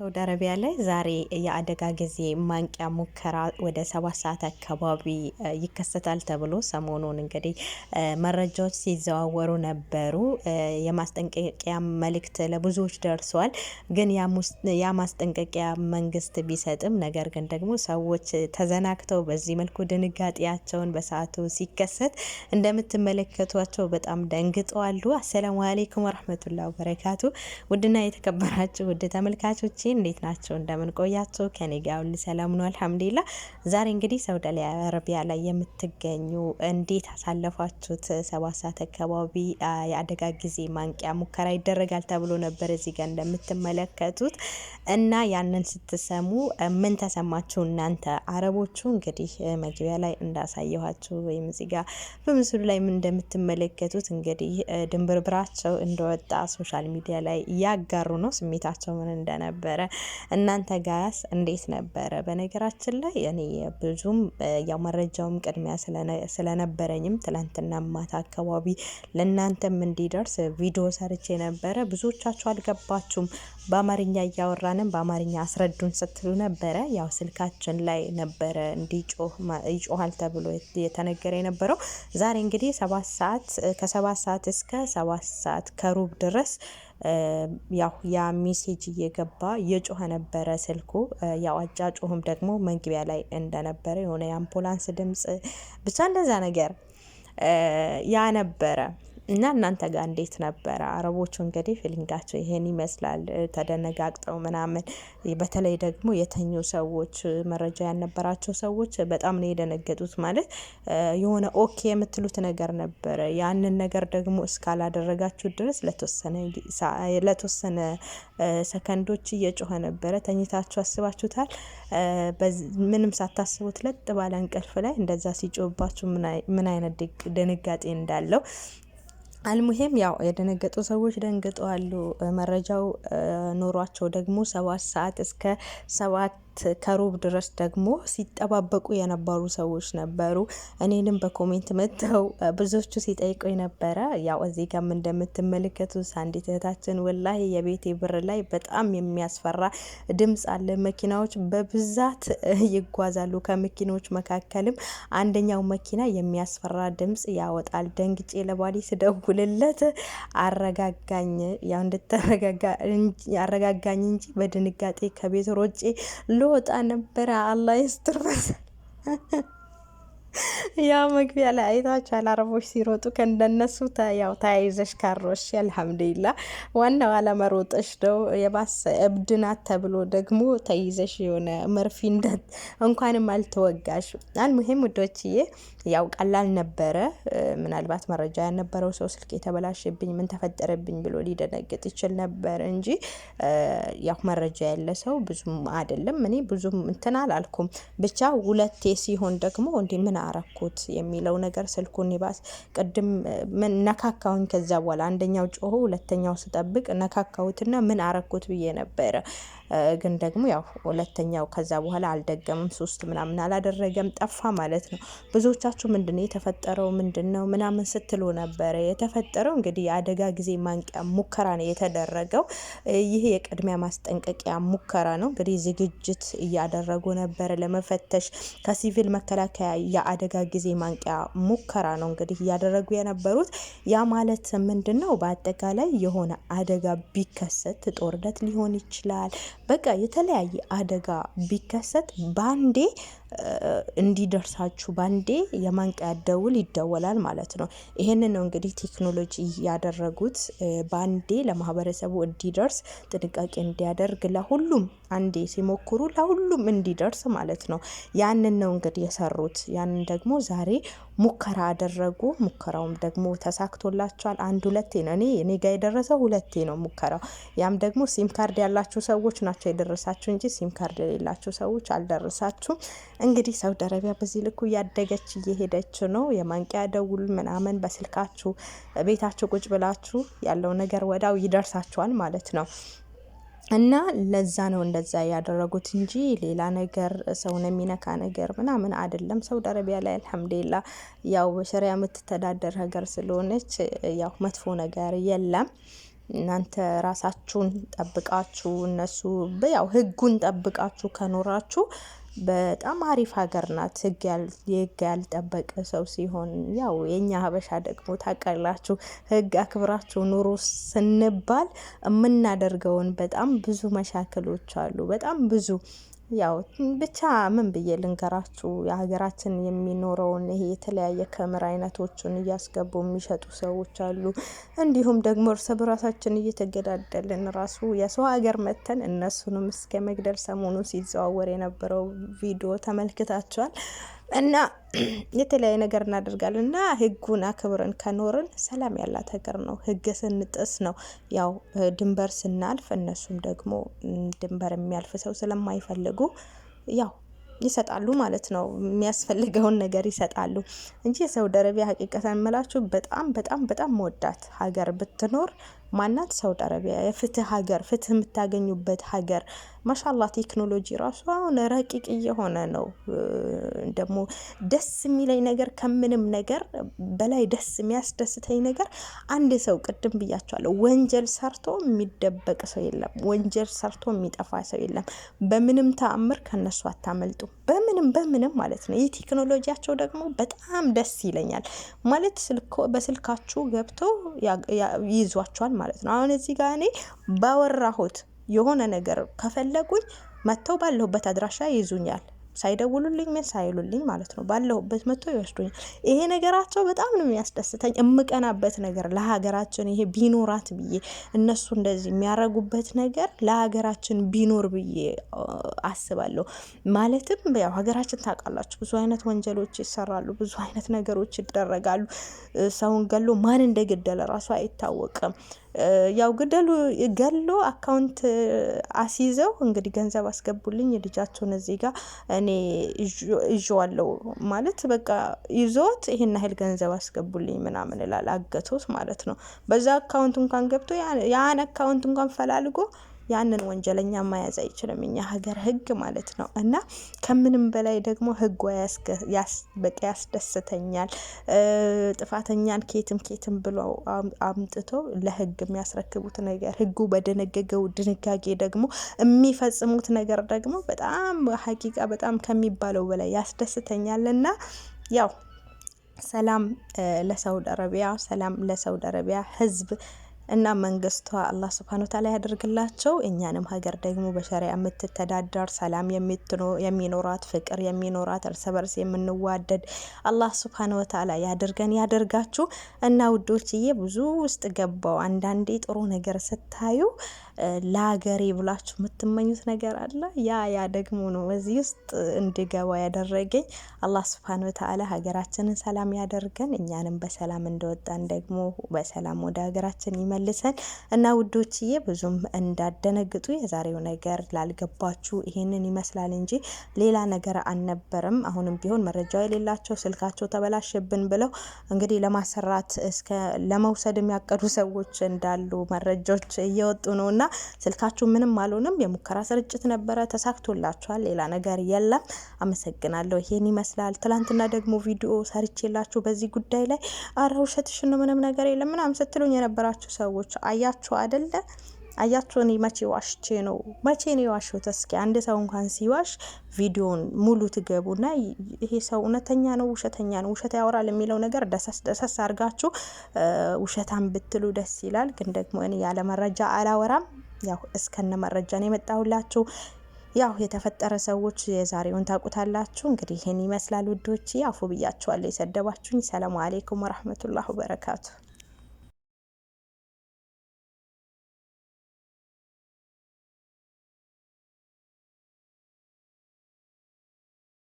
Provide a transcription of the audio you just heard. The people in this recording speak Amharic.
ሳውዲ አረቢያ ላይ ዛሬ የአደጋ ጊዜ ማንቂያ ሙከራ ወደ ሰባት ሰዓት አካባቢ ይከሰታል ተብሎ ሰሞኑን እንግዲህ መረጃዎች ሲዘዋወሩ ነበሩ። የማስጠንቀቂያ መልእክት ለብዙዎች ደርሷል። ግን ያ ማስጠንቀቂያ መንግስት ቢሰጥም ነገር ግን ደግሞ ሰዎች ተዘናግተው በዚህ መልኩ ድንጋጤያቸውን በሰዓቱ ሲከሰት እንደምትመለከቷቸው በጣም ደንግጠዋሉ። አሰላሙ አሌይኩም ወረህመቱላ በረካቱ ውድና የተከበራችሁ ውድ ተመልካቾች። እንዴት ናቸው? እንደምን ቆያቸው? ከኔ ጋር ሁሉ ሰላም ነው አልሐምዱሊላ። ዛሬ እንግዲህ ሳውዲ አረቢያ ላይ የምትገኙ እንዴት አሳለፋችሁት ሰባት ሰዓት አካባቢ የአደጋ ጊዜ ማንቂያ ሙከራ ይደረጋል ተብሎ ነበር እዚህ ጋር እንደምትመለከቱት እና ያንን ስትሰሙ ምን ተሰማችሁ እናንተ አረቦቹ? እንግዲህ መግቢያ ላይ እንዳሳየኋችሁ ወይም እዚህ ጋር በምስሉ ላይ ምን እንደምትመለከቱት እንግዲህ ድንብርብራቸው እንደወጣ ሶሻል ሚዲያ ላይ እያጋሩ ነው ስሜታቸው ምን እንደነበረ ነበረ። እናንተ ጋስ እንዴት ነበረ? በነገራችን ላይ እኔ ብዙም ያው መረጃውም ቅድሚያ ስለነበረኝም ትላንትና ማታ አካባቢ ለእናንተም እንዲደርስ ቪዲዮ ሰርቼ ነበረ። ብዙዎቻችሁ አልገባችሁም። በአማርኛ እያወራንም በአማርኛ አስረዱን ስትሉ ነበረ። ያው ስልካችን ላይ ነበረ እንዲጮህ ተብሎ የተነገረ የነበረው ዛሬ እንግዲህ ሰባት ሰዓት ከሰባት ሰዓት እስከ ሰባት ሰዓት ከሩብ ድረስ ያው ያ ሜሴጅ እየገባ የጮኸ ነበረ ስልኩ። ያው አጫጮህም ደግሞ መግቢያ ላይ እንደነበረ የሆነ የአምቡላንስ ድምፅ ብቻ እንደዛ ነገር ያ ነበረ። እና እናንተ ጋር እንዴት ነበረ? አረቦቹ እንግዲህ ፊሊንጋቸው ይሄን ይመስላል። ተደነጋግጠው ምናምን፣ በተለይ ደግሞ የተኙ ሰዎች፣ መረጃ ያልነበራቸው ሰዎች በጣም ነው የደነገጡት። ማለት የሆነ ኦኬ የምትሉት ነገር ነበረ። ያንን ነገር ደግሞ እስካላደረጋችሁ ድረስ ለተወሰነ ሰከንዶች እየጮኸ ነበረ። ተኝታችሁ አስባችሁታል? ምንም ሳታስቡት ለጥ ባለ እንቅልፍ ላይ እንደዛ ሲጮባችሁ ምን አይነት ድንጋጤ እንዳለው አልሙሄም ያው የደነገጡ ሰዎች ደንግጠዋሉ። መረጃው ኖሯቸው ደግሞ ሰባት ሰዓት እስከ ሰባት ሰዓት ከሩብ ድረስ ደግሞ ሲጠባበቁ የነበሩ ሰዎች ነበሩ። እኔንም በኮሜንት መጥተው ብዙዎቹ ሲጠይቁ ነበረ። ያው እዚህ ጋም እንደምትመለከቱ አንዲት እህታችን ወላሂ የቤቴ ብር ላይ በጣም የሚያስፈራ ድምጽ አለ። መኪናዎች በብዛት ይጓዛሉ። ከመኪኖች መካከልም አንደኛው መኪና የሚያስፈራ ድምጽ ያወጣል። ደንግጬ ለባሌ ስደውልለት አረጋጋኝ ያው እንድታረጋጋ አረጋጋኝ እንጂ በድንጋጤ ከቤት ሮጬ ሎ ወጣ ነበረ። አላህ ይስጥር። ያው መግቢያ ላይ አይታችኋል፣ አረቦች ሲሮጡ ከእንደነሱ ያው ተያይዘሽ ካሮሽ አልሐምዱሊላ። ዋናው አለመሮጥሽ ነው። የባሰ እብድ ናት ተብሎ ደግሞ ተይዘሽ የሆነ መርፊ እንደት እንኳንም አልተወጋሽ። አልሙሄም ውዶችዬ፣ ያው ቀላል ነበረ። ምናልባት መረጃ ያልነበረው ሰው ስልክ የተበላሸብኝ ምን ተፈጠረብኝ ብሎ ሊደነግጥ ይችል ነበር እንጂ ያው መረጃ ያለ ሰው ብዙም አይደለም። እኔ ብዙም እንትን አላልኩም። ብቻ ሁለቴ ሲሆን ደግሞ እንዲህ ምን አረኩ ያደረጉት የሚለው ነገር ስልኩን ይባስ ቅድም ነካካሁኝ። ከዛ በኋላ አንደኛው ጮሆ ሁለተኛው ስጠብቅ ነካካሁትና ምን አረኩት ብዬ ነበረ። ግን ደግሞ ያው ሁለተኛው ከዛ በኋላ አልደገምም፣ ሶስት ምናምን አላደረገም፣ ጠፋ ማለት ነው። ብዙዎቻችሁ ምንድን ነው የተፈጠረው ምንድን ነው ምናምን ስትሉ ነበረ። የተፈጠረው እንግዲህ የአደጋ ጊዜ ማንቂያ ሙከራ ነው የተደረገው። ይህ የቅድሚያ ማስጠንቀቂያ ሙከራ ነው። እንግዲህ ዝግጅት እያደረጉ ነበረ ለመፈተሽ ከሲቪል መከላከያ የአደጋ ጊዜ ማንቂያ ሙከራ ነው እንግዲህ እያደረጉ የነበሩት። ያ ማለት ምንድን ነው በአጠቃላይ የሆነ አደጋ ቢከሰት ጦርነት ሊሆን ይችላል በቃ የተለያየ አደጋ ቢከሰት ባንዴ እንዲደርሳችሁ ባንዴ የማንቂያ ደውል ይደወላል ማለት ነው። ይህን ነው እንግዲህ ቴክኖሎጂ ያደረጉት ባንዴ ለማህበረሰቡ እንዲደርስ ጥንቃቄ እንዲያደርግ ለሁሉም አንዴ ሲሞክሩ ለሁሉም እንዲደርስ ማለት ነው። ያንን ነው እንግዲህ የሰሩት ያንን ደግሞ ዛሬ ሙከራ አደረጉ ሙከራውም ደግሞ ተሳክቶላቸዋል። አንድ ሁለቴ ነው እኔ እኔ ጋር የደረሰው ሁለቴ ነው ሙከራው ያም ደግሞ ሲም ካርድ ያላችሁ ሰዎች ናቸው ናቸው የደረሳችሁ እንጂ ሲም ካርድ የሌላችሁ ሰዎች አልደረሳችሁም። እንግዲህ ሳውዲ አረቢያ በዚህ ልኩ እያደገች እየሄደች ነው። የማንቂያ ደውል ምናምን በስልካችሁ ቤታችሁ ቁጭ ብላችሁ ያለው ነገር ወዳው ይደርሳችኋል ማለት ነው። እና ለዛ ነው እንደዛ ያደረጉት እንጂ ሌላ ነገር ሰውን የሚነካ ነገር ምናምን አይደለም። ሳውዲ አረቢያ ላይ አልሐምዱሊላ ያው በሸሪያ የምትተዳደር ሀገር ስለሆነች ያው መጥፎ ነገር የለም። እናንተ ራሳችሁን ጠብቃችሁ እነሱ ያው ህጉን ጠብቃችሁ ከኖራችሁ በጣም አሪፍ ሀገር ናት። ህግ ያልጠበቀ ሰው ሲሆን ያው የእኛ ሀበሻ ደግሞ ታቀላችሁ ህግ አክብራችሁ ኑሮ ስንባል የምናደርገውን በጣም ብዙ መሻክሎች አሉ። በጣም ብዙ ያው ብቻ ምን ብዬ ልንገራችሁ፣ የሀገራችን የሚኖረውን ይሄ የተለያየ ከምር አይነቶችን እያስገቡ የሚሸጡ ሰዎች አሉ። እንዲሁም ደግሞ እርስ በራሳችን እየተገዳደልን ራሱ የሰው ሀገር መተን እነሱንም እስከ መግደል ሰሞኑን ሲዘዋወር የነበረው ቪዲዮ ተመልክታችኋል። እና የተለያየ ነገር እናደርጋለን እና ህጉን አክብረን ከኖርን ሰላም ያላት ሀገር ነው። ህግ ስንጥስ ነው ያው ድንበር ስናልፍ እነሱም ደግሞ ድንበር የሚያልፍ ሰው ስለማይፈልጉ ያው ይሰጣሉ ማለት ነው። የሚያስፈልገውን ነገር ይሰጣሉ እንጂ የሳውዲ አረቢያ ሀቂቀት የምላችሁ በጣም በጣም በጣም መወዳት ሀገር ብትኖር ማናት ሳውዲ አረቢያ የፍትህ ሀገር፣ ፍትህ የምታገኙበት ሀገር። ማሻላ ቴክኖሎጂ ራሱ አሁን ረቂቅ እየሆነ ነው። ደግሞ ደስ የሚለኝ ነገር ከምንም ነገር በላይ ደስ የሚያስደስተኝ ነገር አንድ ሰው ቅድም ብያቸዋለሁ፣ ወንጀል ሰርቶ የሚደበቅ ሰው የለም። ወንጀል ሰርቶ የሚጠፋ ሰው የለም። በምንም ተአምር ከነሱ አታመልጡ። በምንም በምንም ማለት ነው። ይህ ቴክኖሎጂያቸው ደግሞ በጣም ደስ ይለኛል ማለት በስልካችሁ ገብተው ይዟቸዋል ማለት ነው። አሁን እዚህ ጋር እኔ ባወራሁት የሆነ ነገር ከፈለጉኝ መጥተው ባለሁበት አድራሻ ይዙኛል። ሳይደውሉልኝ ምን ሳይሉልኝ ማለት ነው ባለሁበት መጥቶ ይወስዱኛል። ይሄ ነገራቸው በጣም ነው የሚያስደስተኝ። የምቀናበት ነገር ለሀገራችን ይሄ ቢኖራት ብዬ እነሱ እንደዚህ የሚያረጉበት ነገር ለሀገራችን ቢኖር ብዬ አስባለሁ። ማለትም ያው ሀገራችን ታውቃላችሁ ብዙ አይነት ወንጀሎች ይሰራሉ፣ ብዙ አይነት ነገሮች ይደረጋሉ። ሰውን ገሎ ማን እንደገደለ ራሱ አይታወቅም። ያው ግደሉ ገሎ አካውንት አስይዘው እንግዲህ ገንዘብ አስገቡልኝ ልጃቸውን እዚህ ጋር እኔ እዋለው ማለት በቃ ይዞት ይሄን ያህል ገንዘብ አስገቡልኝ ምናምን ላል አገቶት ማለት ነው። በዛ አካውንት እንኳን ገብቶ ያን አካውንት እንኳን ፈላልጎ ያንን ወንጀለኛ መያዝ አይችልም እኛ ሀገር ህግ ማለት ነው። እና ከምንም በላይ ደግሞ ህጉ በቃ ያስደስተኛል። ጥፋተኛን ኬትም ኬትም ብሎ አምጥቶ ለህግ የሚያስረክቡት ነገር ህጉ በደነገገው ድንጋጌ ደግሞ የሚፈጽሙት ነገር ደግሞ በጣም ሀቂቃ በጣም ከሚባለው በላይ ያስደስተኛል እና ያው ሰላም ለሳውዲ አረቢያ፣ ሰላም ለሳውዲ አረቢያ ህዝብ። እና መንግስቷ አላህ ስብሃነ ወተዓላ ያደርግላቸው። እኛንም ሀገር ደግሞ በሸሪያ የምትተዳደር ሰላም የሚኖራት ፍቅር የሚኖራት እርስ በርስ የምንዋደድ አላህ ስብሃነ ወተዓላ ያደርገን ያደርጋችሁ። እና ውዶችዬ ብዙ ውስጥ ገባው። አንዳንዴ ጥሩ ነገር ስታዩ ለሀገሬ ብላችሁ የምትመኙት ነገር አለ። ያ ያ ደግሞ ነው በዚህ ውስጥ እንድገባ ያደረገኝ። አላህ ስብሃነ ወተዓላ ሀገራችንን ሰላም ያደርገን፣ እኛንም በሰላም እንደወጣን ደግሞ በሰላም ወደ ሀገራችን ይመልሰን እና ውዶችዬ ብዙም እንዳደነግጡ የዛሬው ነገር ላልገባችሁ ይሄንን ይመስላል እንጂ ሌላ ነገር አልነበረም። አሁንም ቢሆን መረጃው የሌላቸው ስልካቸው ተበላሽብን ብለው እንግዲህ ለማሰራት እስከ ለመውሰድ የሚያቀዱ ሰዎች እንዳሉ መረጃዎች እየወጡ ነው ና። ስልካችሁ ምንም አልሆንም። የሙከራ ስርጭት ነበረ፣ ተሳክቶላችኋል። ሌላ ነገር የለም። አመሰግናለሁ። ይሄን ይመስላል። ትላንትና ደግሞ ቪዲዮ ሰርቼላችሁ በዚህ ጉዳይ ላይ አረ ውሸትሽን ምንም ነገር የለም ምናምን ስትሉኝ የነበራችሁ ሰዎች አያችሁ አደለ? አያችሁ፣ እኔ መቼ ዋሽቼ ነው መቼ ነው የዋሸሁት? እስኪ አንድ ሰው እንኳን ሲዋሽ ቪዲዮን ሙሉ ትገቡና ይሄ ሰው እውነተኛ ነው ውሸተኛ ነው ውሸት ያወራል የሚለው ነገር ደሰስ ደሰስ አድርጋችሁ ውሸታን ብትሉ ደስ ይላል። ግን ደግሞ እኔ ያለ መረጃ አላወራም። ያው እስከነ መረጃ ነው የመጣሁላችሁ። ያው የተፈጠረ ሰዎች የዛሬውን ታውቁታላችሁ። እንግዲህ ይህን ይመስላል ውዶች፣ አፉ ብያችኋለሁ። የሰደባችሁኝ ሰላሙ አሌይኩም ወረህመቱላህ ወበረካቱ።